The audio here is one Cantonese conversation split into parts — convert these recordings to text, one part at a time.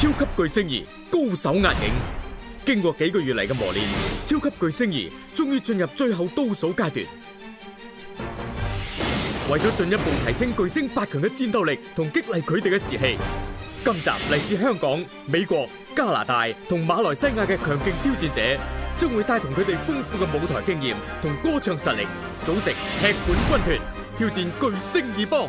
超級巨聲2，高手壓境，經過幾個月嚟嘅磨練，超級巨聲2終於進入最後倒數階段。為咗進一步提升巨聲八強嘅戰鬥力同激勵佢哋嘅士氣，今集嚟自香港、美國、加拿大同馬來西亞嘅強勁挑戰者，將會帶同佢哋豐富嘅舞台經驗同歌唱實力，組成踢館軍團挑戰巨聲2幫。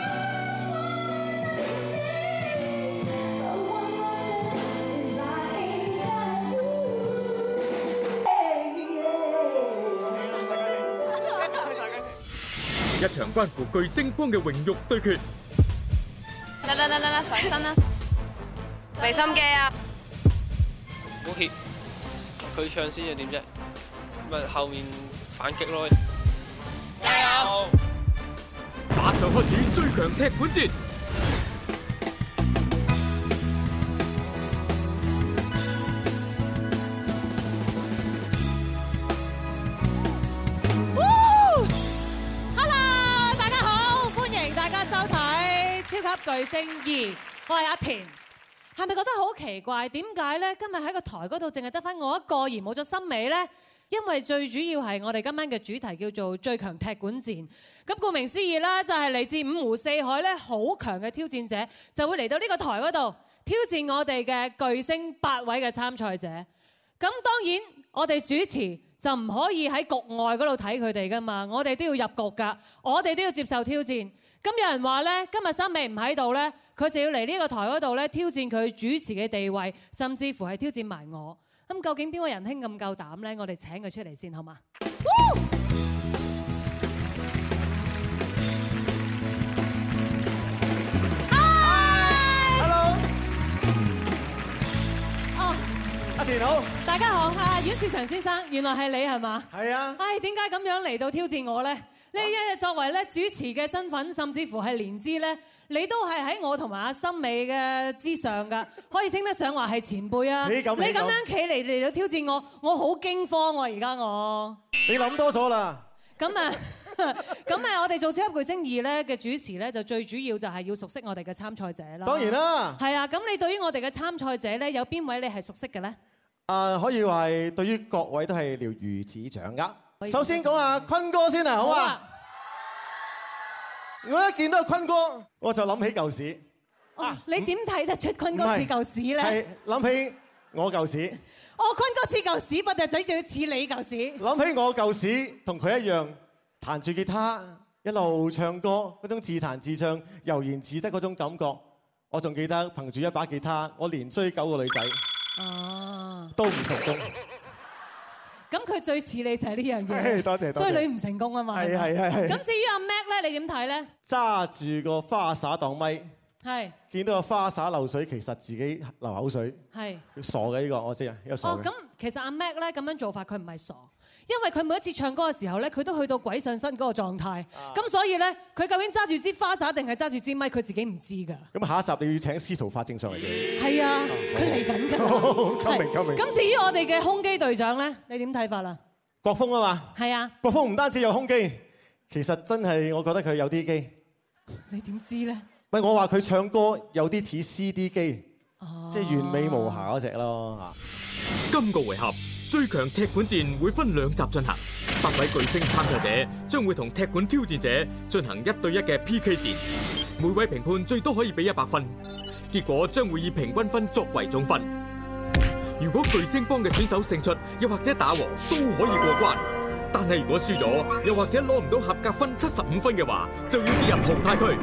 一場關乎巨聲幫嘅榮辱對決。啦啦啦啦啦！重新啦，俾心機啊！好嘅，佢唱先又點啫？咁啊，後面反擊咯。加油！馬上開始最強踢館戰。級巨聲二，我係阿田，係咪覺得好奇怪？點解呢？今日喺個台嗰度，淨係得翻我一個而冇咗森美呢？因為最主要係我哋今晚嘅主題叫做最強踢館戰。咁顧名思義啦，就係嚟自五湖四海呢好強嘅挑戰者就會嚟到呢個台嗰度挑戰我哋嘅巨聲八位嘅參賽者。咁當然，我哋主持就唔可以喺局外嗰度睇佢哋噶嘛，我哋都要入局噶，我哋都要接受挑戰。咁有人話咧，今日三美唔喺度咧，佢就要嚟呢個台嗰度咧挑戰佢主持嘅地位，甚至乎係挑戰埋我。咁究竟邊個仁兄咁夠膽咧？我哋請佢出嚟先，好嘛？嗨，hello，哦，阿田好，大家好，阿阮兆祥先生，原來係你係嘛？係啊。唉，點解咁樣嚟到挑戰我咧？你一作為咧主持嘅身份，甚至乎係年資咧，你都係喺我同埋阿森美嘅之上噶，可以稱得上話係前輩啊！你咁你咁樣企嚟嚟到挑戰我，我好驚慌喎！而家我你諗多咗啦。咁啊，咁啊，我哋做《超級巨聲2》咧嘅主持咧，就最主要就係要熟悉我哋嘅參賽者啦。當然啦。係啊，咁你對於我哋嘅參賽者咧，有邊位你係熟悉嘅咧？啊、呃，可以話係對於各位都係了如指掌握。首先講下坤哥先啊，好啊！我一見到坤哥，我就諗起舊屎。啊，你點睇得出坤哥似舊屎咧？係諗起我舊屎？我坤哥似舊屎，不仔仲要似你舊屎。諗起我舊屎，同佢一樣，彈住吉他，一路唱歌，嗰種自彈自唱、悠然自得嗰種感覺。我仲記得憑住一把吉他，我連追九個女仔，都唔成功，啊。咁佢最似你就係呢樣嘢，多謝多謝，謝謝，所以你唔成功啊嘛。係係係。咁至於阿 Mac 咧，你點睇咧？揸住個花灑擋咪，係見到個花灑漏水，其實自己流口水，係傻嘅呢個，我知啊，有、這個、傻嘅。哦，咁其實阿 Mac 咧咁樣做法，佢唔係傻。因為佢每一次唱歌嘅時候咧，佢都去到鬼上身嗰個狀態，咁所以咧，佢究竟揸住支花灑定係揸住支咪，佢自己唔知噶。咁下一集你要請司徒法正上嚟嘅。係啊，佢嚟緊㗎。好，明。咁至於我哋嘅胸肌隊長咧，你點睇法啊？國峰啊嘛。係啊。國峰唔單止有胸肌，其實真係我覺得佢有啲機你。你點知咧？唔係我話佢唱歌有啲似 CD 機，即係完美無瑕嗰隻咯。啊，今個回合。最強踢館戰會分兩集進行，八位巨聲參賽者將會同踢館挑戰者進行一對一嘅 PK 戰，每位評判最多可以俾一百分，結果將會以平均分作為總分。如果巨聲幫嘅選手勝出，又或者打和都可以過關，但係如果輸咗，又或者攞唔到合格分七十五分嘅話，就要跌入淘汰區。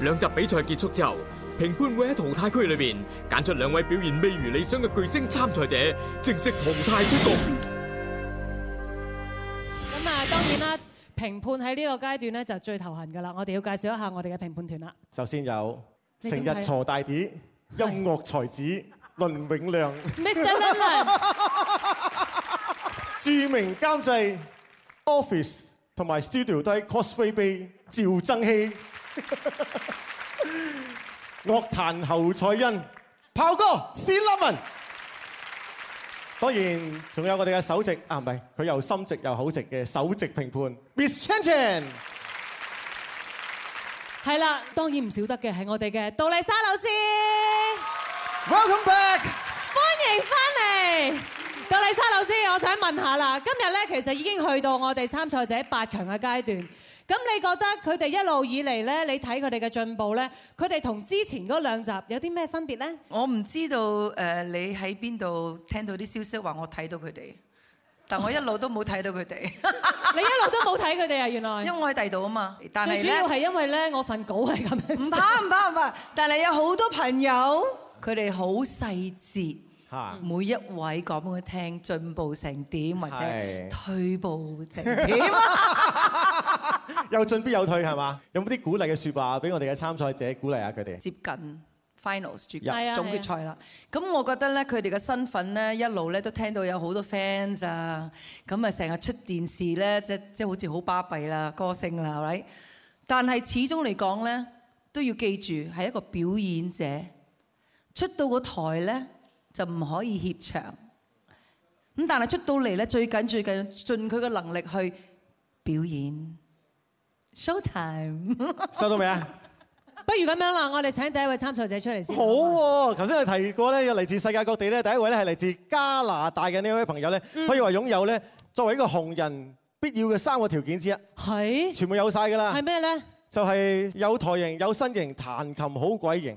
兩集比賽結束之後。評判會喺淘汰區裏邊揀出兩位表現未如理想嘅巨星參賽者，正式淘汰出局。咁啊，當然啦，評判喺呢個階段咧就最頭痕噶啦。我哋要介紹一下我哋嘅評判團啦。首先有成日鋤大 D 音樂才子倫永亮，咩死娘娘，著名監製 Office 同埋 Studio 都喺 Cosplay 背趙增熹。樂壇後才人，炮哥單立文，當然仲有我哋嘅首席，啊唔係，佢又心直又好直嘅首席評判 Miss Chan Chan，係啦，當然唔少得嘅係我哋嘅杜麗莎老師，Welcome back，歡迎翻嚟，杜麗莎老師，我想問下啦，今日咧其實已經去到我哋參賽者八強嘅階段。咁你覺得佢哋一路以嚟咧，你睇佢哋嘅進步咧，佢哋同之前嗰兩集有啲咩分別咧？我唔知道誒，你喺邊度聽到啲消息話我睇到佢哋，但我一路都冇睇到佢哋。你一路都冇睇佢哋啊？原來因為我喺第度啊嘛。最主要係因為咧，我份稿係咁樣。唔怕唔怕唔怕，但係有好多朋友，佢哋好細節。每一位講俾佢聽，進步成點，或者退步成點？有進必有退，係嘛？有冇啲鼓勵嘅説話俾我哋嘅參賽者鼓勵下佢哋？接近 finals，決決總決賽啦！咁我覺得咧，佢哋嘅身份咧，一路咧都聽到有好多 fans 啊！咁啊，成日出電視咧，即即好似好巴閉啦，歌星啦，係咪？但係始終嚟講咧，都要記住係一個表演者，出到個台咧。就唔可以怯場，咁但係出到嚟咧，最緊最緊盡佢嘅能力去表演。Show time，收到未啊？不如咁樣啦，我哋請第一位參賽者出嚟先。好喎，頭先你提過咧，有嚟自世界各地咧，第一位咧係嚟自加拿大嘅呢位朋友咧，可以話擁有咧作為一個紅人必要嘅三個條件之一，係全部有曬㗎啦。係咩咧？就係有台型、有身型、彈琴好鬼型。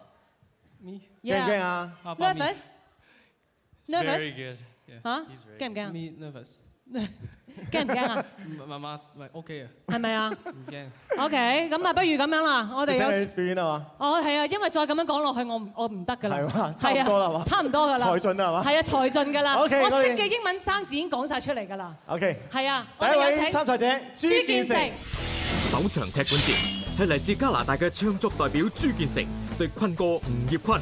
我驚啊！nervous，nervous，驚唔驚啊？媽媽喂 OK 啊？係咪啊？唔驚。OK，咁啊，不，不如咁樣啦，我哋有。哦，係啊，因為再咁樣講落去，我唔，我唔得㗎啦。係啊，差唔多啦，差唔多㗎啦。財進係嘛？係啊，財進㗎啦。我識嘅英文生字已經講晒出嚟㗎啦。OK。係啊。我哋有請參賽者朱建成。首場踢館戰係嚟自加拿大嘅唱作代表朱建成。對坤哥吳業坤。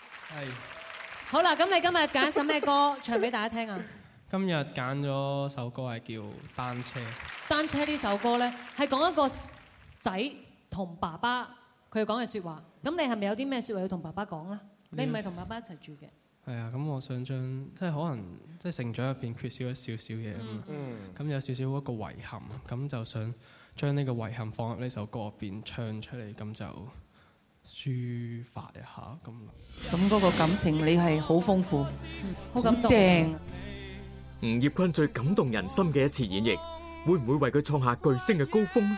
係，好啦，咁你今日揀首咩歌唱俾大家聽啊？ 今日揀咗首歌係叫《單車》。單車呢首歌咧，係講一個仔同爸爸佢講嘅說話。咁你係咪有啲咩說話要同爸爸講咧？ 你唔係同爸爸一齊住嘅。係啊，咁我想將即係可能即係成長入邊缺少一少少嘢啊嘛。嗯。咁有少少一個遺憾，咁就想將呢個遺憾放喺呢首歌入邊唱出嚟，咁就。抒發一下咁，咁嗰個感情你係好豐富，好感動。吳、啊、業坤最感動人心嘅一次演繹，會唔會為佢創下巨星嘅高峰？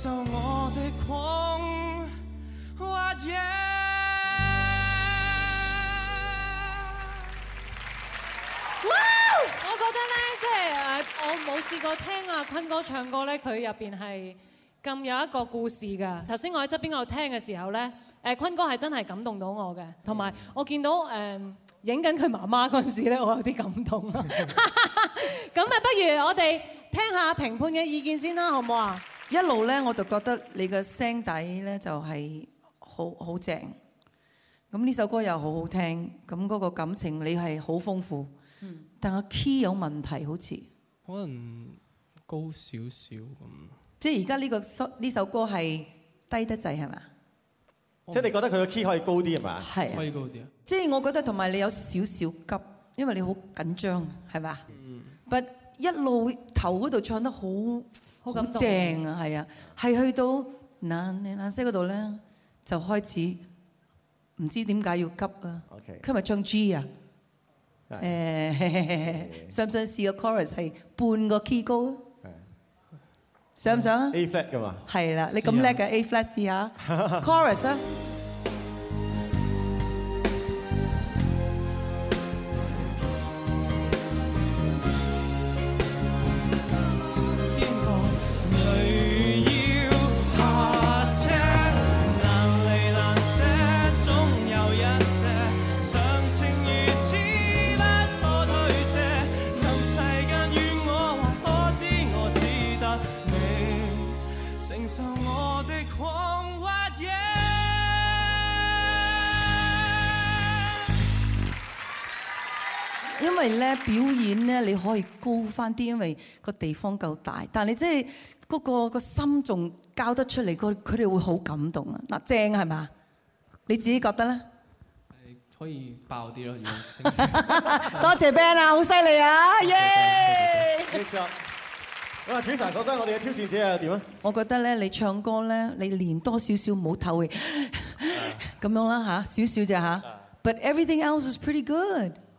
受我的狂，或者。哇！我覺得咧，即係誒，我冇試過聽阿坤哥唱歌咧，佢入邊係咁有一個故事噶。頭先我喺側邊度聽嘅時候咧，誒，坤哥係真係感動到我嘅。同埋我見到誒，影緊佢媽媽嗰陣時咧，我有啲感動啦。咁啊，不如我哋聽下評判嘅意見先啦，好唔好啊？一路咧，我就覺得你嘅聲底咧就係好好正。咁呢首歌又好好聽，咁嗰個感情你係好豐富。嗯，但係 key 有，有問題，好似可能高少少咁。即係而家呢個呢首歌係低得滯，係咪？即、oh, 係你覺得佢嘅 key 可以高啲係嘛？可以高啲。即係我覺得同埋你有少少急，因為你好緊張，係咪？嗯。But 一路頭嗰度唱得好。好正啊，係啊，係去到眼色嗰度咧，就開始唔知點解要急啊。佢係咪唱 G 啊？誒，想唔想試個 chorus 係半個 key 高？想唔想啊？A flat 噶嘛。係啦，你咁叻嘅 A flat 試下 chorus 啊。因為咧，表演咧，你可以高翻啲，因為個地方夠大但。但係你即係嗰個、嗰個心仲交得出嚟，佢哋會好感動啊！嗱，正係嘛？你自己覺得咧？可以爆啲咯，多謝 Ben 啊，好犀利啊，耶！繼續。咁啊 Teresa 覺得我哋嘅挑戰者係點啊？我覺得咧，你唱歌咧，你練多少少冇唞氣，咁樣啦吓，少少就吓。But everything else is pretty good.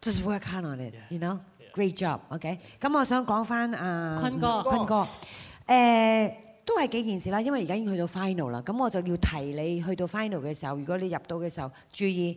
Just work hard on it, yeah, you know. Yeah, Great job. Okay。咁我想講翻啊，坤、uh, 哥，坤哥，誒、uh，都係幾件事啦。因為而家已經去到 final 啦，咁我就要提你去到 final 嘅時候，如果你入到嘅時候，注意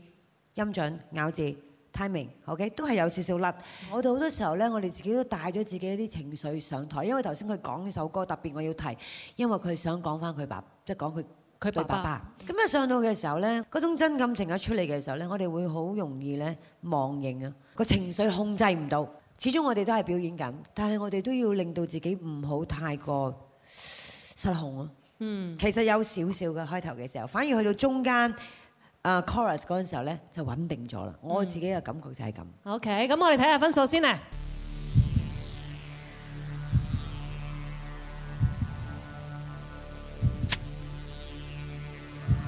音準、咬字、timing。okay，都係有少少甩。我哋好多時候咧，我哋自己都帶咗自己一啲情緒上台，因為頭先佢講呢首歌，特別我要提，因為佢想講翻佢爸，即係講佢。佢爸爸咁啊，上到嘅時候咧，嗰種真感情一出嚟嘅時候咧，我哋會好容易咧忘形啊，個情緒控制唔到，始終我哋都係表演緊，但係我哋都要令到自己唔好太過失控啊。嗯，其實有少少嘅開頭嘅時候，反而去到中間啊，chorus 嗰陣時候咧就穩定咗啦。我自己嘅感覺就係咁。OK，咁我哋睇下分數先啊。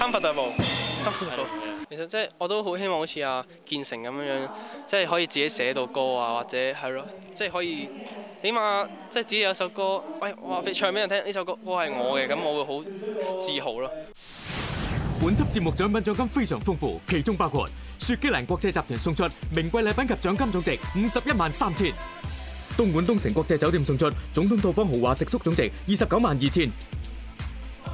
參發大步，其實即係我都好希望好似阿建成咁樣，即係可以自己寫到歌啊，或者係咯，即係可以起碼即係自己有首歌，喂，我話俾唱俾人聽，呢首歌歌係我嘅。咁我會好自豪咯。本輯節目獎品獎金非常豐富，其中包括雪肌蘭國際集團送出名貴禮品及獎金總值五十一萬三千，東莞東城國際酒店送出總統套房豪華食宿總值二十九萬二千。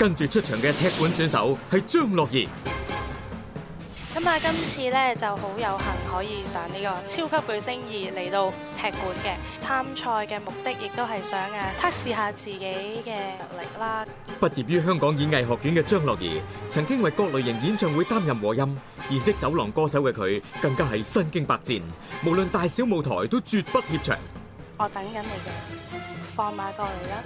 跟住出場嘅踢館選手係張樂宜。咁啊，今次呢，就好有幸可以上呢個超級巨聲2嚟到踢館嘅參賽嘅目的，亦都係想啊測試下自己嘅實力啦。畢業於香港演藝學院嘅張樂宜，曾經為各類型演唱會擔任和音，現職走廊歌手嘅佢，更加係身經百戰，無論大小舞台都絕不怯場。我等緊你嘅，放馬過嚟啦！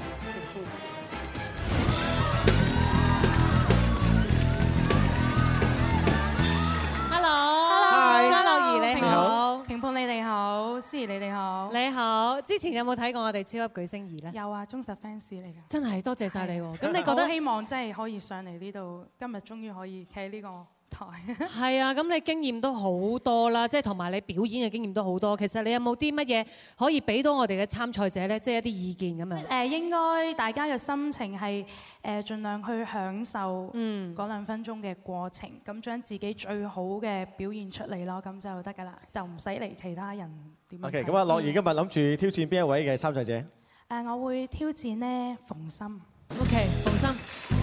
hello，hello 張樂宜你，你好，評判你哋好，思怡你哋好，好，你好。之前有冇睇過我哋超級巨聲二咧？有啊，忠實 fans 嚟噶。真係多謝晒你喎。咁你覺得希望真係可以上嚟呢度，今日終於可以企喺呢個。台係 啊，咁你經驗都好多啦，即係同埋你表演嘅經驗都好多。其實你有冇啲乜嘢可以俾到我哋嘅參賽者咧？即係一啲意見咁啊？誒，應該大家嘅心情係誒，儘量去享受嗰兩分鐘嘅過程，咁、嗯、將自己最好嘅表現出嚟咯，咁就得噶啦，就唔使理其他人點。OK，咁啊，樂宜今日諗住挑戰邊一位嘅參賽者？誒，我會挑戰呢，馮琛。OK，馮琛。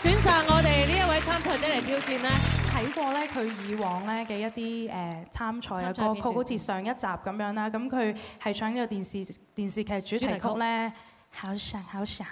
選擇我哋呢一位參賽者嚟挑戰啦。睇過咧佢以往咧嘅一啲誒參賽嘅歌曲，好似上一集咁樣啦。咁佢係唱呢個電視電視劇主題曲咧，《好想好想》。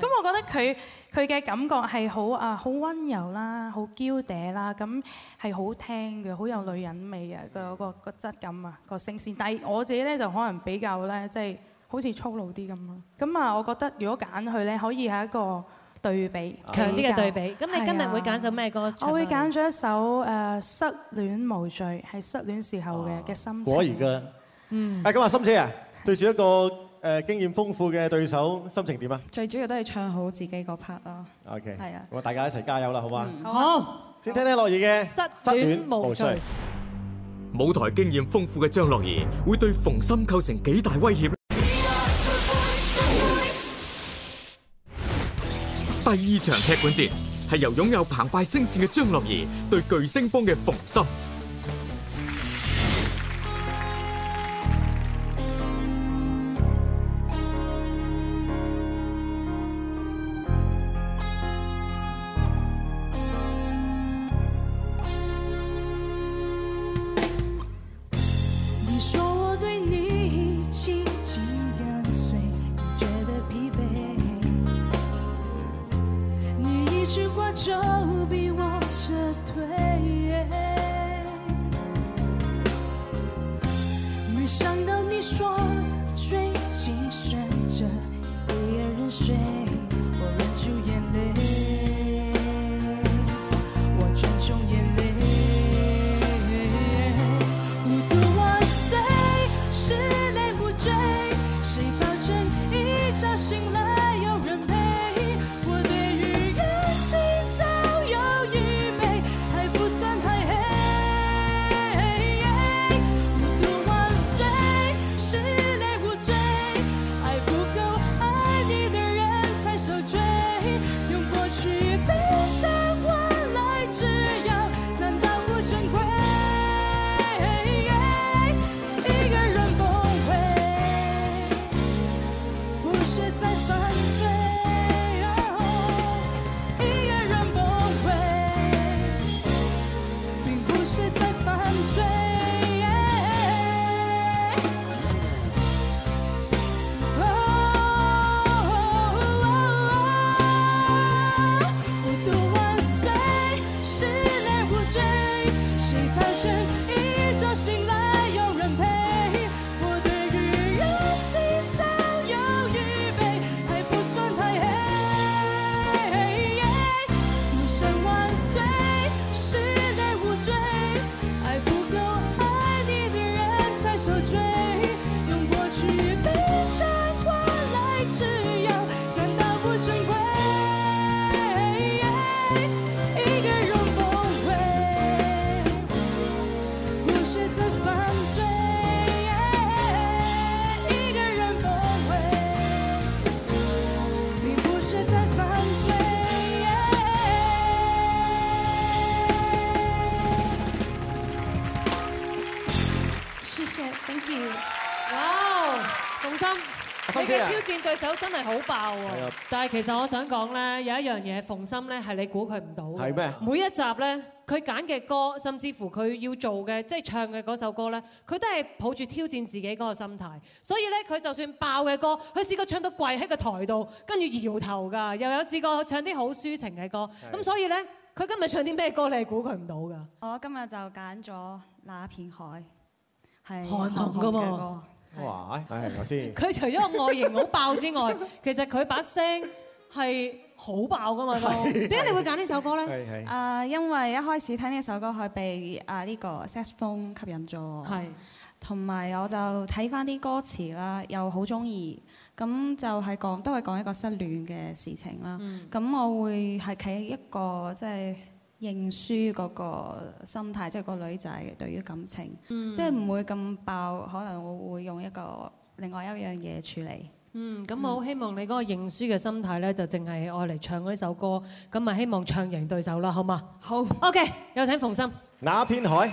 咁我覺得佢佢嘅感覺係好啊，好溫柔啦，好嬌嗲啦，咁係好聽嘅，好有女人味啊，個個個質感啊，個聲線。但係我自己咧就可能比較咧，即係好似粗魯啲咁咯。咁啊，我覺得如果揀佢咧，可以係一個。對比強啲嘅對比，咁你今日會揀首咩歌？我會揀咗一首誒失戀無罪，係失戀時候嘅嘅心情。果然噶，嗯。誒今日琛姐啊，對住一個誒經驗豐富嘅對手，心情點啊？最主要都係唱好自己嗰 part 咯。OK，係啊。咁大家一齊加油啦，好嗎？好。先聽聽樂宜嘅失戀無罪。舞台經驗豐富嘅張樂宜，會對馮琛構成幾大威脅？第二場踢館戰係由擁有澎湃聲線嘅張樂宜對巨聲幫嘅馮琛。真係好爆喎！但係其實我想講咧，有一樣嘢馮琛咧係你估佢唔到嘅。係咩？每一集咧，佢揀嘅歌，甚至乎佢要做嘅，即係唱嘅嗰首歌咧，佢都係抱住挑戰自己嗰個心態。所以咧，佢就算爆嘅歌，佢試過唱到跪喺個台度，跟住搖頭㗎。又有試過唱啲好抒情嘅歌。咁所以咧，佢今日唱啲咩歌，你係估佢唔到㗎。我今日就揀咗那片海，係韓紅嘅歌。哇！係頭先，佢除咗外形好爆之外，其實佢把聲係好爆噶嘛都。點解你會揀呢首歌咧？係係。誒，因為一開始聽呢首歌，佢被誒呢個 saxophone 吸引咗。係。同埋我就睇返啲歌詞啦，又好中意咁，就係講都係講一個失戀嘅事情啦。咁我會係企一個即係。就是認輸嗰個心態，即係個女仔對於感情，即係唔會咁爆，可能會用一個另外一樣嘢處理。嗯，咁我好希望你嗰個認輸嘅心態呢，就淨係愛嚟唱呢首歌，咁咪希望唱贏對手啦，好嘛？好，OK，有請馮琛。那片海。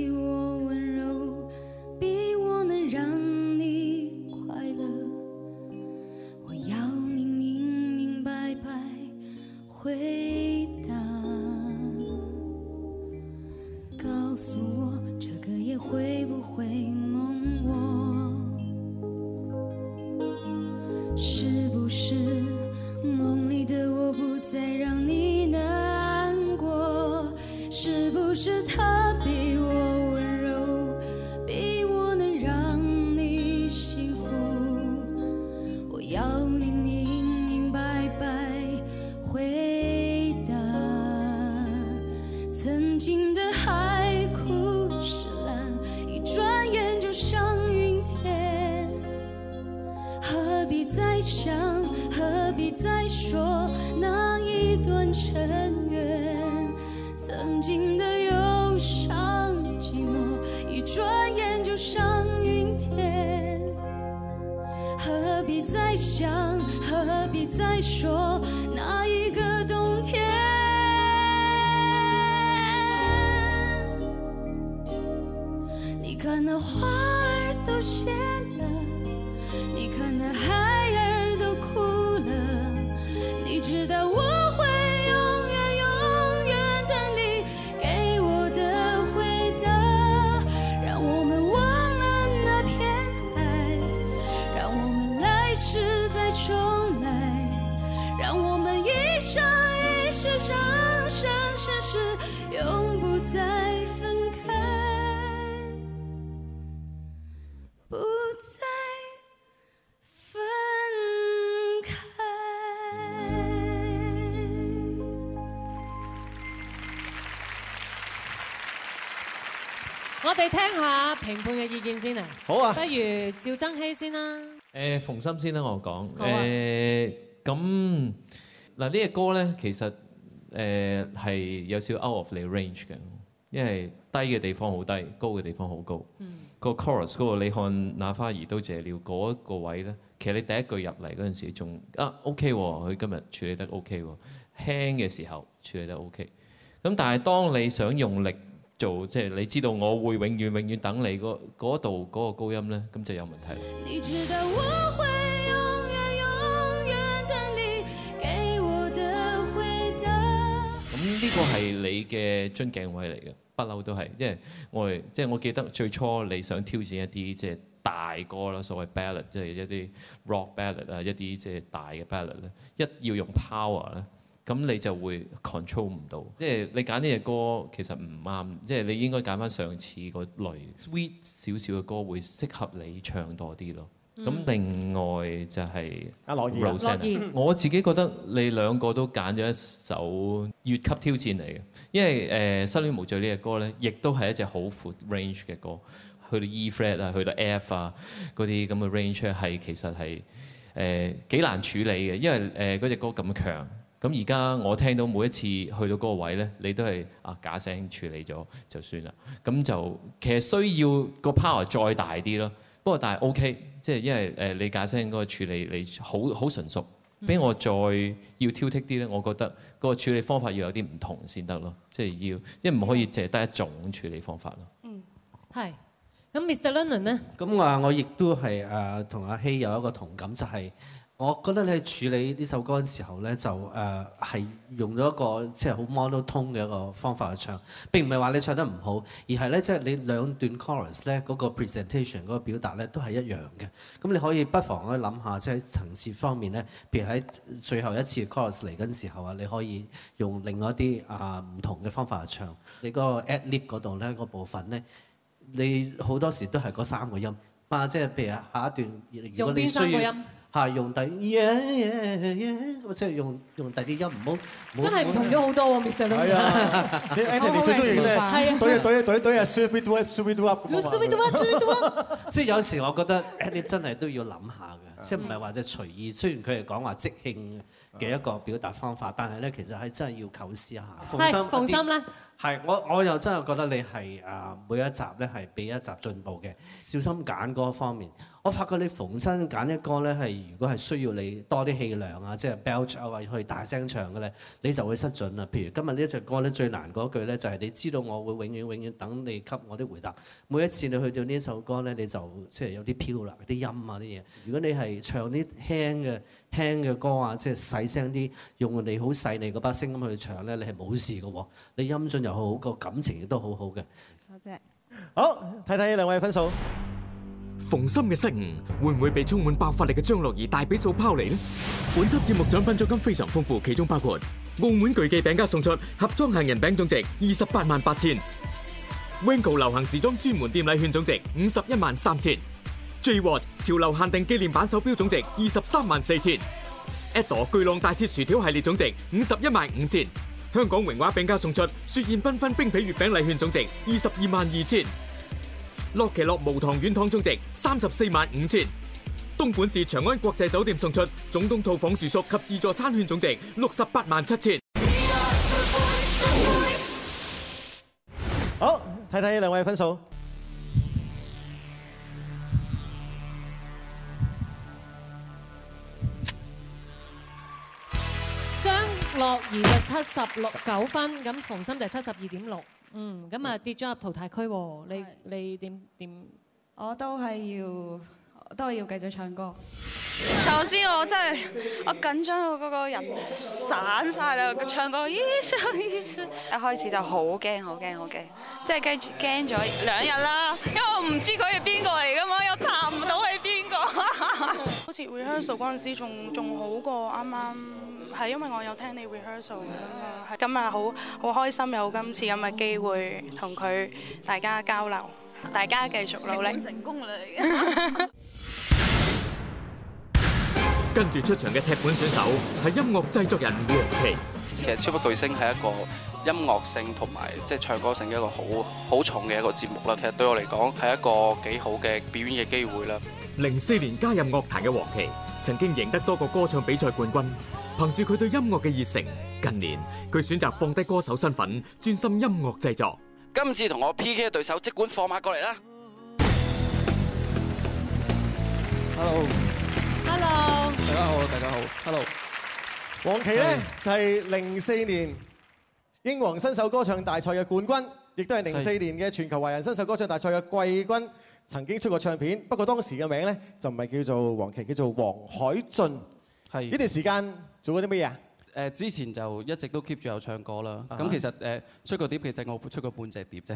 我哋聽下評判嘅意見先啊！好啊，不如趙增熹先啦。誒、呃，馮心先啦、啊呃，我講。好咁嗱，呢隻歌咧，其實誒係、呃、有少少 out of the range 嘅，因為低嘅地方好低，高嘅地方好高。嗯。個 chorus 嗰、那個你看那花兒都謝了嗰一、那個位咧，其實你第一句入嚟嗰陣時仲啊 OK 喎，佢今日處理得 OK 喎，輕嘅時候處理得 OK。咁但係當你想用力。做即係你知道，我會永遠永遠等你嗰度嗰個高音呢，咁就有問題。你知道我會永遠永遠等你，給我的回答。咁呢個係你嘅樽頸位嚟嘅，不嬲都係，因為我即係我記得最初你想挑戰一啲即係大歌啦，所謂 ballad 即係一啲 rock ballad 啊，一啲即係大嘅 ballad 咧，一要用 power 咧。咁你就會 control 唔到，即係你揀呢隻歌其實唔啱，即係你應該揀返上次個類 sweet 少少嘅歌，會適合你唱多啲咯。咁、嗯、另外就係阿 Rosanna，Rosanna 我自己覺得你兩個都揀咗一首越級挑戰嚟嘅，因為誒《失戀無罪》呢隻歌咧，亦都係一隻好闊的 range 嘅歌，去到 E flat 啊，去到 F 啊，嗰啲咁嘅 range 係其實係誒幾難處理嘅，因為誒嗰隻歌咁強。咁而家我聽到每一次去到嗰個位咧，你都係啊假聲處理咗就算啦。咁就其實需要個 power 再大啲咯。不過但係 OK，即係因為誒你假聲嗰個處理你好好純熟，俾我再要挑剔啲咧，我覺得嗰個處理方法要有啲唔同先得咯。即係要，一唔可以凈係得一種處理方法咯。嗯，係。咁 Mr. Lun 咧？咁啊，我亦都係誒同阿希有一個同感，就係。我覺得你喺處理呢首歌嘅時候咧，就誒係、呃、用咗一個即係好 monotone 嘅一個方法去唱。並唔係話你唱得唔好，而係咧即係你兩段 chorus 咧嗰、嗰個 presentation 嗰個表達咧都係一樣嘅。咁你可以不妨去諗下，即係喺層次方面咧，譬如喺最後一次 chorus 嚟緊時候啊，你可以用另外一啲啊唔同嘅方法去唱。你嗰個 adlib 嗰度咧嗰部分咧，你好多時都係嗰三個音。啊，即係譬如下一段，如果你需要。用第，我即係用用第啲音唔好，真係唔同咗好多喎、啊啊 uh 啊，Mr. Eddie，方哥嘅想法，係啊，啊對，隊啊隊啊隊啊，Swift do up，Swift do up，做 Swift do up，Swift do up，即係有時我覺得 Eddie 真係都要諗下嘅，即係唔係話就係、隨意，雖然佢哋講話即興嘅一個表達方法，但係咧其實係真係要構思下，放心，放心啦，係我我又真係覺得你係啊每一集咧係比一集進步嘅，小心揀嗰方面。我發覺你逢親揀一歌咧，係如果係需要你多啲氣量啊，即係 belt 啊，或者去大聲唱嘅咧，你就會失準啦。譬如今日呢一隻歌咧，最難嗰句咧就係你知道我會永遠永遠等你給我啲回答。每一次你去到呢一首歌咧，你就即係有啲飄啦，啲音啊啲嘢。如果你係唱啲輕嘅輕嘅歌啊，即係細聲啲，用你好細膩嗰把聲咁去唱咧，你係冇事嘅喎。你音準又好，個感情亦都好好嘅。多謝。好，睇睇兩位分數。馮琛嘅失誤會唔會被充滿爆發力嘅張樂宜大比數拋離呢？本集節目獎品獎金非常豐富，其中包括澳門巨記餅家送出盒裝杏仁餅總值二十八萬八千，Wingo 流行時裝專門店禮券總值五十一萬三千，J Watch 潮流限定紀念版手錶總值二十三萬四千，Edo 巨浪大切薯條系列總值五十一萬五千，香港榮華餅家送出雪燕繽紛冰皮月餅禮券總值二十二萬二千。洛奇樂無糖軟糖總值三十四萬五千，東莞市長安國際酒店送出總統套房住宿及自助餐券總值六十八萬七千。The boys, the boys. 好，睇睇兩位分數，張樂宜嘅七十六九分咁重新就七十二點六。嗯，咁啊跌咗入淘汰區喎，你你點點？我都係要，都係要繼續唱歌，嗯。頭先我真係，我緊張到嗰個人散晒啦，唱歌咦 一開始就好驚好驚好驚，即係驚咗兩日啦，因為我唔知佢係邊個嚟㗎嘛，我又查唔到係邊個。 好似 rehearsal 嗰陣時仲仲好過啱啱。係因為我有聽你 rehearsal 咁啊，今日好好開心有今次咁嘅機會同佢大家交流，大家繼續努力成功啦。 跟住出場嘅踢館選手係音樂製作人王琪， 其實超級巨聲係一個音樂性同埋即係唱歌性嘅一個好好重嘅一個節目啦。其實對我嚟講係一個幾好嘅表演嘅機會啦。零四年加入樂壇嘅王琪，曾經贏得多個歌唱比賽冠軍。憑住佢對音樂嘅熱誠，近年佢選擇放低歌手身份，專心音樂製作。今次同我 PK 嘅對手，即管放馬過嚟啦！Hello，Hello，Hello. 大家好，大家好，Hello。王琪呢，就係零四年英皇新秀歌唱大賽嘅冠軍，亦都係零四年嘅全球華人新秀歌唱大賽嘅季軍。曾經出過唱片，不過當時嘅名呢，就唔係叫，叫做王琪，叫做王海俊。係呢段時間，做過啲乜嘢啊？誒，之前就一直都 keep 住有唱歌啦。咁、嗯、其實誒、嗯、出個碟，其實我出過半隻碟啫，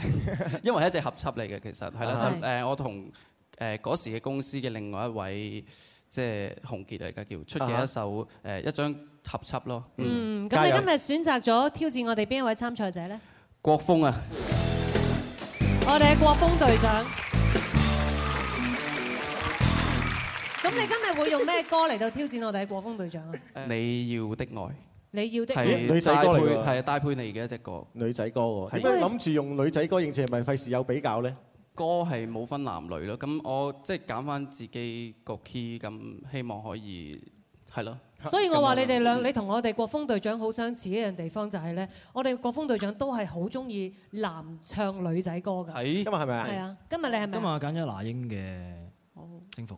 因為係一隻合輯嚟嘅。其實係啦，誒、嗯，嗯就是、我同誒嗰時嘅公司嘅另外一位即係、就是、洪傑嚟嘅叫出嘅一首誒、嗯、一張合輯咯。嗯，咁你今日選擇咗挑戰我哋邊一位參賽者咧？國峰啊！我哋嘅國峰隊長。咁你今日會用咩歌嚟到挑戰我哋國峰隊長啊？你要的愛。你要的係女仔歌嚟㗎。係啊，戴佩妮嘅一隻歌，女仔歌喎。點解諗住用女仔歌應戰，係咪費事有比較咧？歌係冇分男女咯。咁我即係揀翻自己個 key，咁希望可以係咯。所以我話你哋兩，你同我哋國峰隊長好相似一樣地方就係咧，我哋國峰隊長都係好中意男唱女仔歌㗎，係今日係咪啊？係啊，今日你係咪？今日我揀咗那英嘅征服。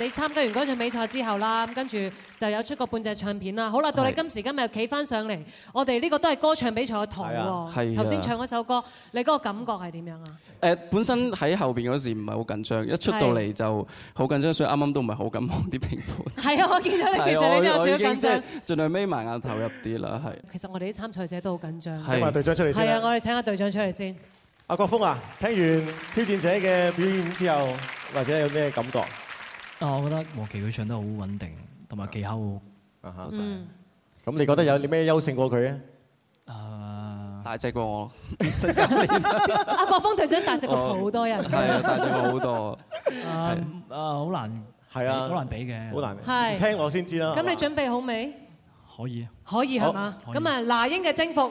你參加完嗰場比賽之後啦，咁跟住就有出過半隻唱片啦。好啦，到你今時今日企翻上嚟，我哋呢個都係歌唱比賽嘅台喎。頭先唱嗰首歌，你嗰個感覺係點樣啊？誒、呃，本身喺後邊嗰時唔係好緊張，一出到嚟就好緊張，所以啱啱都唔係好敢望啲評判。係啊，我見到你其實你有少少緊張，盡量眯埋眼投入啲啦。係。其實我哋啲參賽者都好緊張。我請埋隊長出嚟先。係啊，我哋請下隊長出嚟先、啊。阿國峰啊，聽完挑戰者嘅表演之後，或者有咩感覺？啊，我覺得王琪佢唱得好穩定，同埋技巧好都仔。咁你覺得有你咩優勝過佢咧？誒、呃， 大隻過我。阿國峰隊長大隻過好多人。係啊，大隻過好多。係啊，好難,難。係啊，好難比嘅。好難。係。唔聽我先知啦。咁你準備好未？可以。可以係嘛？咁啊，那英嘅征服。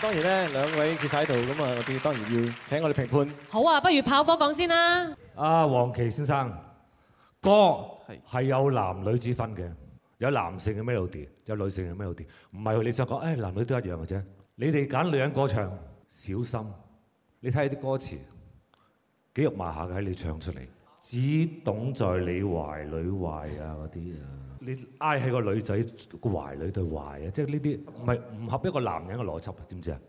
當然咧，兩位其實喺度，咁啊，我哋當然要請我哋評判。好啊，不如炮哥講先啦。阿王琪先生，歌係有男女之分嘅，有男性嘅 melody，有女性嘅 melody，唔係你想講誒男女都一樣嘅啫。你哋揀女人歌唱，小心！你睇啲歌詞幾肉麻下嘅，你唱出嚟，只懂在你懷裡壞啊嗰啲啊。你挨喺個女仔個懷裏對懷啊，即係呢啲唔係唔合一個男人嘅邏輯啊，知唔知啊？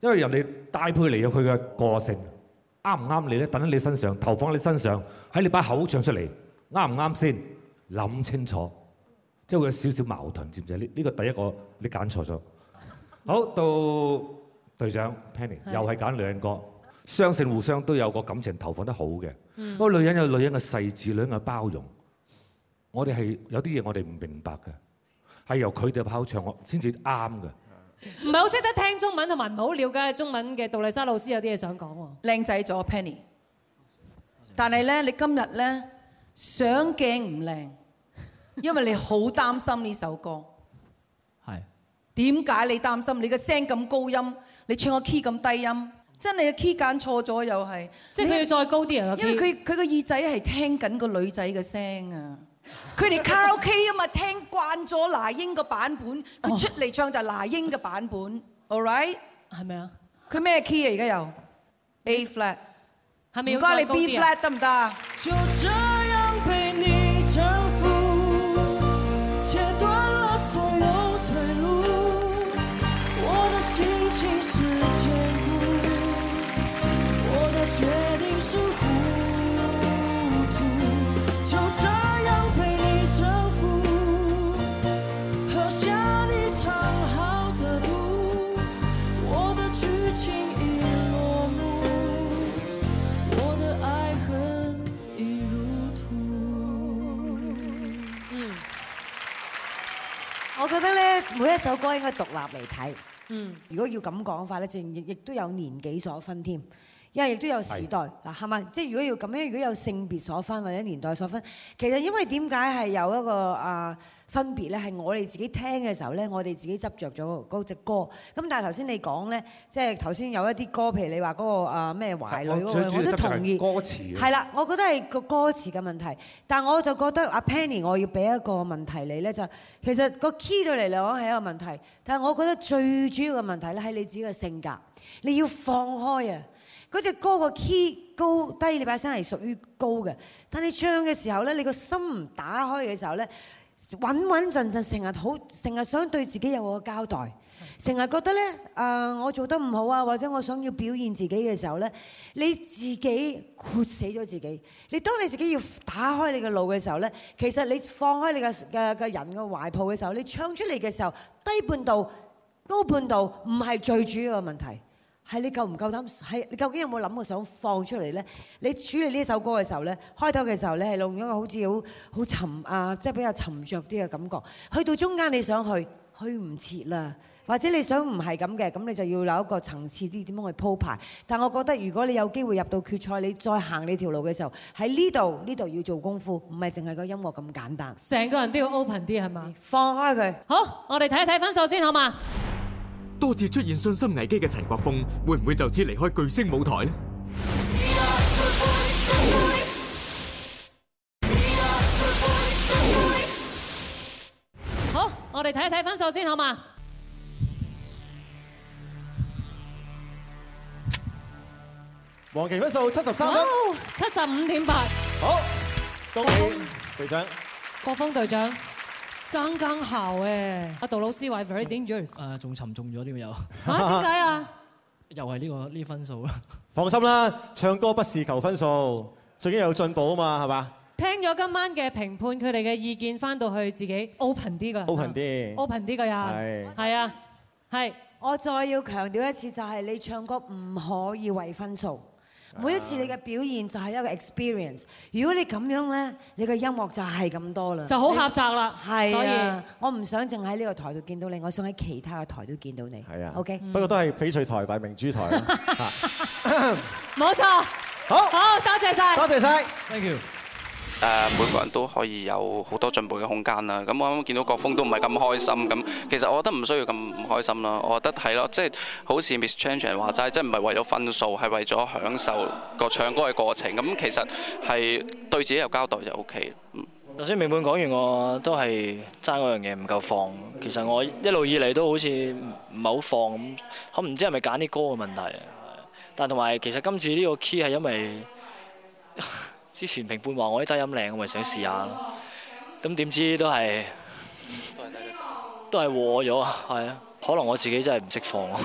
因為人哋帶配嚟有佢嘅個性，啱唔啱你咧？等喺你身上投放你身上，喺你把口唱出嚟啱唔啱先？諗清楚，即係會有少少矛盾，知唔知呢？呢個第一個你揀錯咗。好到隊長 Penny 又係揀兩個，相信互相都有個感情投放得好嘅。因為女人有女人嘅細緻，女人嘅包容。我哋係有啲嘢我哋唔明白嘅，係由佢哋嘅跑場我先至啱嘅。唔係好識得聽中文，同埋唔係好瞭解中文嘅杜麗莎老師有啲嘢想講喎。靚仔咗 Penny，但係咧你今日咧上鏡唔靚，因為你好擔心呢首歌。係點解你擔心？你嘅聲咁高音，你唱個 key 咁低音，真係 key 揀錯咗又係。即係佢要再高啲啊！因為佢佢個耳仔係聽緊個女仔嘅聲啊。佢哋卡拉 OK 啊嘛，聽慣咗那英嘅版本，佢出嚟唱就係那英嘅版本，哦、all right，係咪啊？佢咩 key 啊？而家又 A flat，唔該你 B flat 得唔得？就這樣被你征服，切斷了所有退路。」我的心情是堅固。我的我覺得咧，每一首歌應該獨立嚟睇。嗯，如果要咁講法咧，正亦亦都有年紀所分添。因為亦都有時代嗱，係咪？即係如果要咁樣，如果要有性別所分或者年代所分，其實因為點解係有一個啊分別咧？係我哋自己聽嘅時候咧，我哋自己執着咗嗰隻歌。咁但係頭先你講咧，即係頭先有一啲歌，譬如你話嗰個啊咩懷女》，嗰個，我都同意。歌詞係啦，我覺得係個歌詞嘅問題。但係我就覺得阿 Penny，我要俾一個問題你咧，就是、其實個 key 對你嚟講係一個問題，但係我覺得最主要嘅問題咧係你自己嘅性格，你要放開啊！嗰隻歌個 key 高低，你把聲係屬於高嘅，但你唱嘅時候咧，你個心唔打開嘅時候咧，穩穩陣陣成日好，成日想對自己有個交代，成日覺得咧誒、呃、我做得唔好啊，或者我想要表現自己嘅時候咧，你自己豁死咗自己。你當你自己要打開你個腦嘅時候咧，其實你放開你嘅嘅人嘅懷抱嘅時候，你唱出嚟嘅時候，低半度、高半度唔係最主要嘅問題。係你夠唔夠膽？係你究竟有冇諗過想放出嚟呢？你處理呢首歌嘅時候呢，開頭嘅時候你係弄咗個好似好好沉啊，即係比較沉着啲嘅感覺。去到中間你想去，去唔切啦。或者你想唔係咁嘅，咁你就要有一個層次啲點樣去鋪排。但我覺得如果你有機會入到決賽，你再行呢條路嘅時候在這裡，喺呢度呢度要做功夫，唔係淨係個音樂咁簡單。成個人都要 open 啲係嘛？放開佢。好，我哋睇一睇分數先好嘛？多次出現信心危機嘅陳國峰，會唔會就此離開巨聲舞台呢？好，我哋睇一睇分數先，好嘛？王琪分數七十三分，七十五點八。好，恭喜隊長，國峰隊長。剛剛好誒，阿杜老師話 very dangerous，誒仲沉重咗啲又嚇點解啊？又係呢個呢分數啊！放心啦，唱歌不是求分數，最緊要有進步啊嘛，係嘛？聽咗今晚嘅評判佢哋嘅意見，翻到去自己 open 啲個 open 啲，open 啲個人係係啊，係我再要強調一次，就係你唱歌唔可以為分數。每一次你嘅表現就係一個 experience。如果你咁樣咧，你嘅音樂就係咁多啦，就好狹窄啦。係，所以我唔想淨喺呢個台度見到你，我想喺其他嘅台都見到你。係啊，OK。不過都係翡翠台同明珠台啦。冇錯，好好，多謝晒，多謝晒。thank you。誒、呃、每個人都可以有好多進步嘅空間啦。咁我啱見到國峰都唔係咁開心咁，其實我覺得唔需要咁唔開心啦。我覺得係咯，即係、就是、好似 Miss Chan 話齋，即係唔係為咗分數，係為咗享受個唱歌嘅過程。咁其實係對自己有交代就 O K。頭先明本講完我都係爭嗰樣嘢唔夠放。其實我一路以嚟都好似唔係好放咁，唔知係咪揀啲歌嘅問題。但同埋其實今次呢個 key 係因為。 之前評判話我啲低音靚，我咪想試下咯。咁點知都係都係錯咗啊！係啊，可能我自己真係唔識放啊。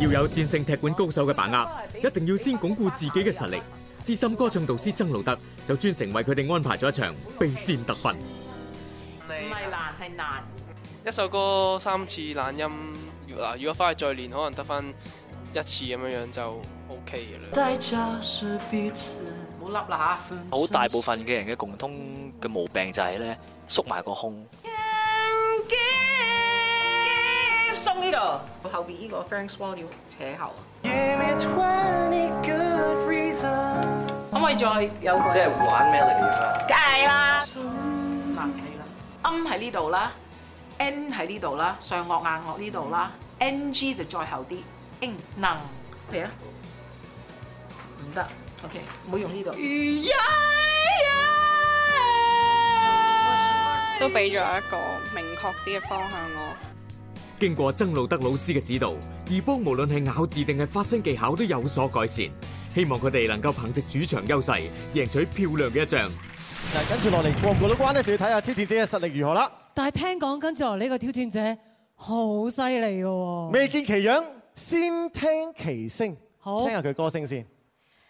要有戰勝踢館高手嘅把握，一定要先鞏固自己嘅實力。資深歌唱導師曾路德就專程為佢哋安排咗一場備戰特訓。唔係難係難，一首歌三次懶音。嗱，如果翻去再練，可能得翻一次咁樣樣就 OK 嘅啦。代好粒啦嚇，好大部分嘅人嘅共通嘅毛病就係咧，縮埋個胸。鬆呢度，後邊呢個 French Wall 要扯後。可唔可以再有即係玩咩嚟噶？梗係啦，難睇啦。啱喺呢度啦，N 喺呢度啦，上腭硬腭呢度啦，NG 就再後啲。N 能咩啊？唔得。O K，唔好用呢度。都俾咗一個明確啲嘅方向我。經過曾路德老師嘅指導，二幫無論係咬字定係發聲技巧都有所改善。希望佢哋能夠憑借主場優勢，贏取漂亮嘅一仗。嗱，跟住落嚟過唔過到關咧，就要睇下挑戰者嘅實力如何啦。但係聽講跟住落嚟呢個挑戰者好犀利噶。未見其樣，先聽其聲。好，聽下佢歌聲先。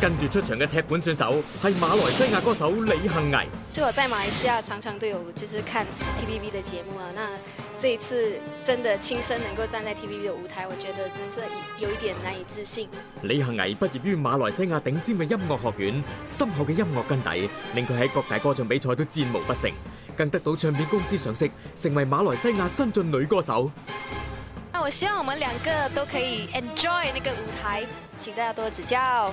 跟住出場嘅踢館選手係馬來西亞歌手李幸倪。就我在馬來西亞常常都有，就是看 TVB 的節目啊。那這一次真的親身能夠站在 TVB 嘅舞台，我覺得真是有一點難以置信。李幸倪畢業於馬來西亞頂尖嘅音樂學院，深厚嘅音樂根底令佢喺各大歌唱比賽都戰無不勝，更得到唱片公司賞識，成為馬來西亞新晉女歌手。那我希望我們兩個都可以 enjoy 那個舞台，請大家多指教。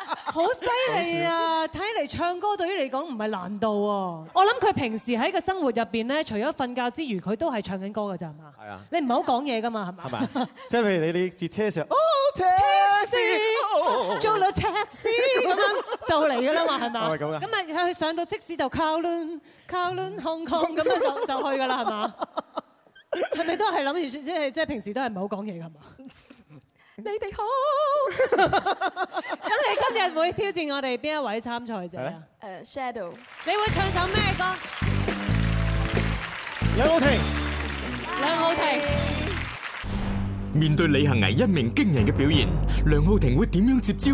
好犀利啊！睇嚟唱歌對於你嚟講唔係難度喎、啊。我諗佢平時喺個生活入邊咧，除咗瞓覺之餘，佢都係唱緊歌㗎咋嘛？係啊！ 你唔好講嘢㗎嘛？係嘛？係咪？即係譬如你你截車上，oh, taxi. Oh, oh. 做 taxi 咁樣就嚟㗎啦嘛？係 嘛？係咁咁啊，佢上到即時就 Kowloon, Kowloon, Hong Kong 咁就就去㗎啦係嘛？係咪 都係諗住，即係即係平時都係唔好講嘢㗎嘛？你哋好，咁你今日會挑戰我哋邊一位參賽者？誒 Shadow，你會唱首咩歌？梁皓婷，梁皓婷。面對李幸倪一鳴驚人嘅表現，梁皓婷會點樣接招？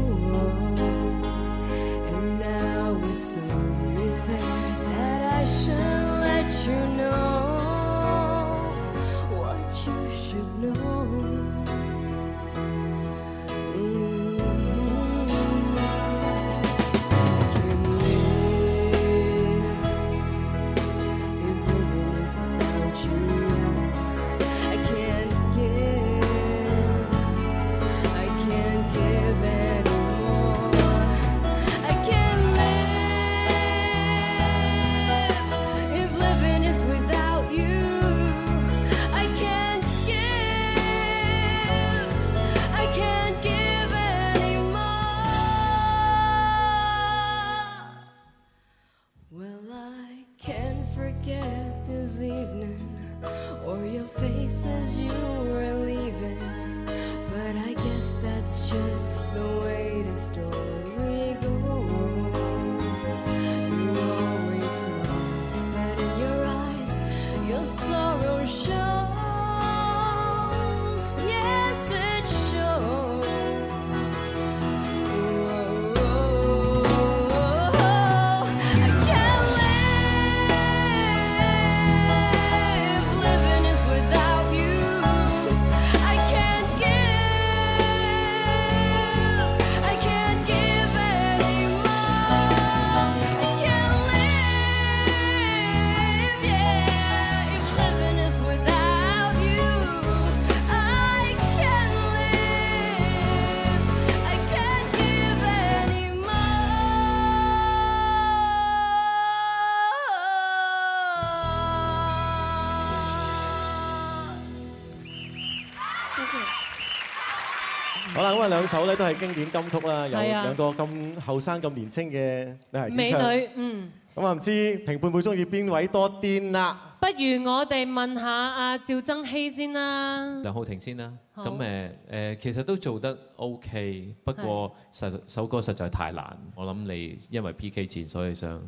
好啦，咁啊，兩首咧都係經典金曲啦。有兩個咁後生咁年輕嘅美女，嗯。咁啊，唔知評判會中意邊位多啲啦？不如我哋問下阿趙增熹先啦，梁皓婷先啦。咁誒誒，其實都做得 OK，不過實首歌實在太難。我諗你因為 PK 戰，所以想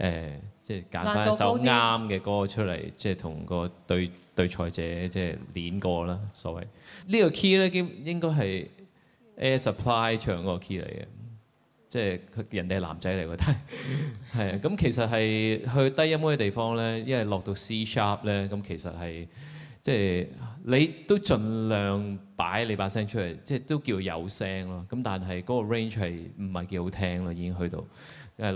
誒。即係揀返一首啱嘅歌出嚟，即係同個對對賽者即係、就是、練過啦，所謂呢、這個 key 咧，兼應該係 Air Supply 唱個 key 嚟嘅，即、就、係、是、人哋係男仔嚟嘅，但係啊，咁 其實係去低音嗰啲地方咧，因為落到 C sharp 咧，咁其實係即係你都盡量擺你把聲出嚟，即、就、係、是、都叫有聲咯。咁但係嗰個 range 係唔係幾好聽咯？已經去到。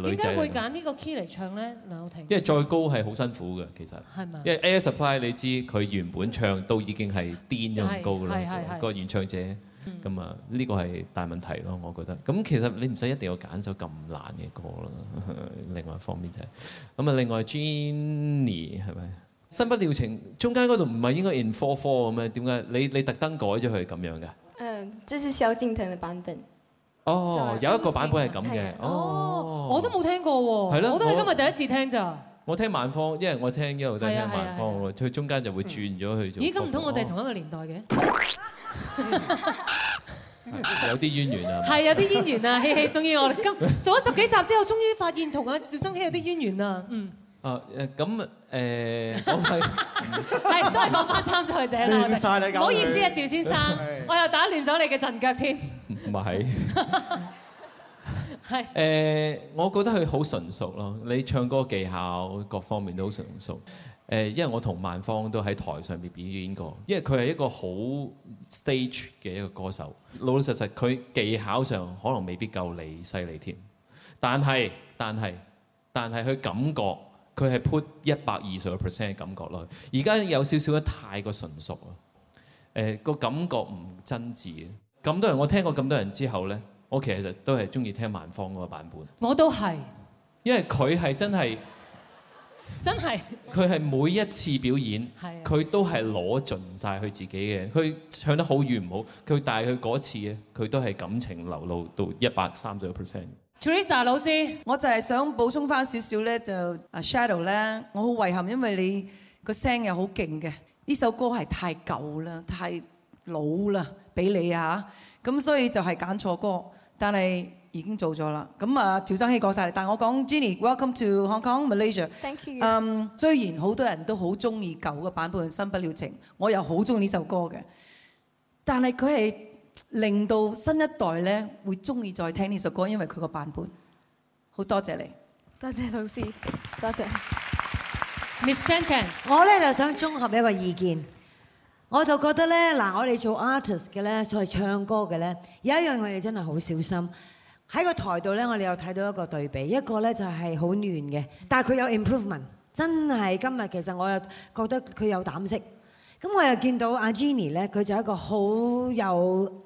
點解會揀呢個 key 嚟唱咧，梁皓婷？因為再高係好辛苦嘅，其實。係嘛？因為 Air Supply 你知佢原本唱都已經係癲咗咁高啦，個原唱者。嗯。咁啊，呢個係大問題咯，我覺得。咁其實你唔使一定要揀首咁難嘅歌啦，另外一方面就係。咁啊，另外 Jeanie 係咪？新不了情中間嗰度唔係應該 in four four 咁咩？點解你你特登改咗佢咁樣㗎？嗯，即係蕭敬騰嘅版本。哦、oh，有一個版本係咁嘅，哦、oh, oh，我都冇聽過喎，係咯，我都係今日第一次聽咋。我聽萬芳，因為我聽一路都係聽萬芳喎，佢中間就會轉咗去做。咦？咁唔通我哋同一個年代嘅 有啲淵源啊。係 有啲淵源啊，嘻嘻，終於我哋今做咗十幾集之後，終於發現同阿趙增熹有啲淵源啦，嗯。啊！咁、呃、誒，係都係講翻參賽者啦。唔曬你咁，唔好意思啊，趙先生，我又打亂咗你嘅陣腳添。唔係係誒，我覺得佢好純熟咯。你唱歌技巧各方面都好純熟誒，因為我同萬芳都喺台上面表演過。因為佢係一個好 stage 嘅一個歌手，老老實實佢技巧上可能未必夠你犀利添，但係但係但係佢感覺。佢係 put 一百二十個 percent 嘅感覺咯，而家有少少咧，太過純熟啊！誒個感覺唔真摯嘅，咁多人，我聽過咁多人之後咧，我其實都係中意聽萬芳嗰個版本。我都係，因為佢係真係，真係佢係每一次表演，佢都係攞盡晒佢自己嘅，佢唱得好與唔好，佢但係佢嗰次咧，佢都係感情流露到一百三十個 percent。Teresa 老師，我就係想補充翻少少咧，就阿 Shadow 咧，我好遺憾，因為你個聲又好勁嘅，呢首歌係太舊啦、太老啦，俾你嚇，咁所以就係揀錯歌，但係已經做咗啦。咁啊，趙增熹講晒，但係我講 Jeanie，Welcome to Hong Kong Malaysia。Thank you。嗯，雖然好多人都好中意舊嘅版本《新不了情》，我又好中意呢首歌嘅，但係佢係。令到新一代咧會中意再聽呢首歌，因為佢個版本好多謝你，多謝老師，多謝，謝 Miss Chan Chan。我咧就想綜合一個意見，我就覺得咧嗱，我哋做 artist 嘅咧，再唱歌嘅咧，有一樣我哋真係好小心。喺個台度咧，我哋又睇到一個對比，一個咧就係好嫩嘅，但係佢有 improvement，真係今日其實我又覺得佢有膽色。咁我又見到阿 Jeanie 咧，佢就係一個好有。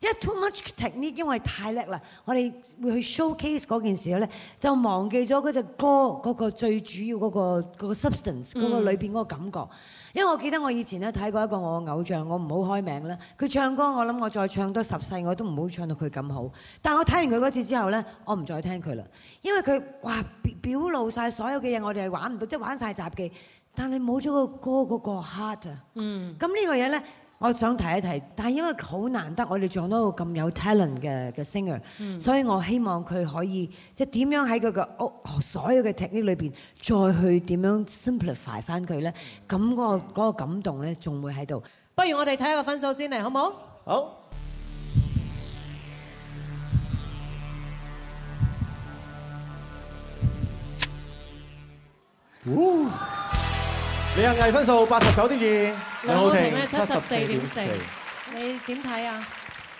因為 too much technique，因為太叻啦，我哋會去 showcase 嗰件事咧，就忘記咗嗰隻歌嗰個最主要嗰個嗰個 substance，嗰個裏邊嗰個感覺。因為我記得我以前咧睇過一個我嘅偶像，我唔好開名啦。佢唱歌，我諗我再唱多十世我都唔好唱到佢咁好。但係我睇完佢嗰次之後咧，我唔再聽佢啦，因為佢哇表露晒所有嘅嘢，我哋係玩唔到，即係玩晒雜技，但係冇咗個歌嗰個 heart 啊。嗯，咁呢個嘢咧。我想提一提，但係因為好難得，我哋撞到個咁有 talent 嘅嘅 singer，所以我希望佢可以即係點樣喺佢嘅屋所有嘅 technique 裏邊，再去點樣 simplify 翻佢咧，咁嗰個嗰個感動咧仲會喺度。不如我哋睇下個分數先，嚟好冇？好。你嘅藝分數八十九點二，梁皓婷咧七十四點四，你點睇啊？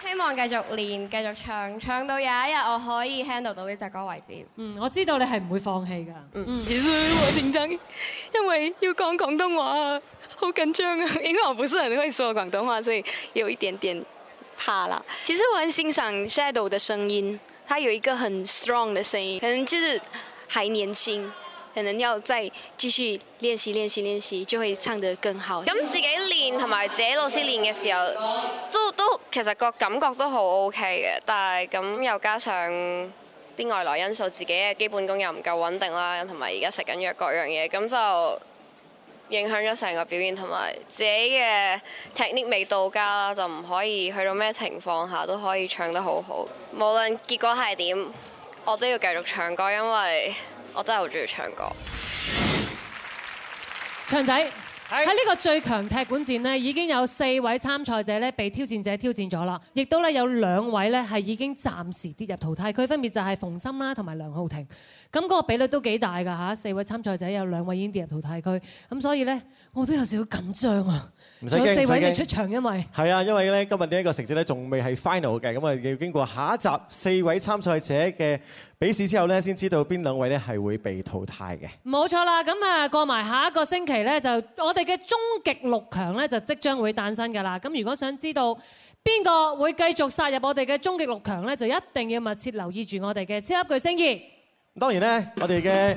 希望繼續練，繼續唱，唱到有一日我可以 handle 到呢隻歌為止。嗯，我知道你係唔會放棄㗎。嗯，只需要認真，因為要講廣東話好緊張啊， 因為我不是很會說廣東話，所以有一點點怕啦。其實我很欣賞 Shadow 嘅聲音，佢有一個很 strong 嘅聲音，可能就是還年輕，可能要再繼續練習練習練習，練習，就會唱得更好。咁自己練同埋自己老師練嘅時候，都都其實個感覺都好 OK 嘅。但係咁又加上啲外來因素，自己嘅基本功又唔夠穩定啦，同埋而家食緊藥，各樣嘢咁就影響咗成個表演同埋自己嘅 technique 未到家啦，就唔可以去到咩情況下都可以唱得好好。無論結果係點，我都要繼續唱歌，因為。我真係好中意唱歌。祥仔喺呢個最強踢館戰呢，已經有四位參賽者咧被挑戰者挑戰咗啦，亦都咧有兩位咧係已經暫時跌入淘汰區，分別就係馮琛啦同埋梁皓婷。咁嗰個比率都幾大㗎吓，四位參賽者有兩位已經跌入淘汰區，咁所以咧我都有少少緊張啊。唔使驚，仲有四位未出場，因為係啊，因為咧今日呢一個成績咧仲未係 final 嘅，咁啊要經過下一集四位參賽者嘅。比試之後咧，先知道邊兩位咧係會被淘汰嘅。冇錯啦，咁啊過埋下一個星期咧，就我哋嘅終極六強咧就即將會誕生㗎啦。咁如果想知道邊個會繼續殺入我哋嘅終極六強咧，就一定要密切留意住我哋嘅超級巨聲2。當然咧，我哋嘅。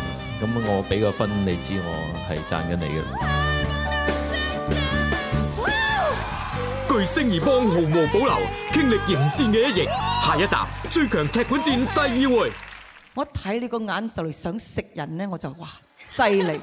咁我俾個分你知，我係讚緊你嘅。巨聲二幫毫無保留傾 力迎戰嘅一役， 下一集最強踢館戰第二回。我睇你個眼就嚟想食人咧，我就哇犀利！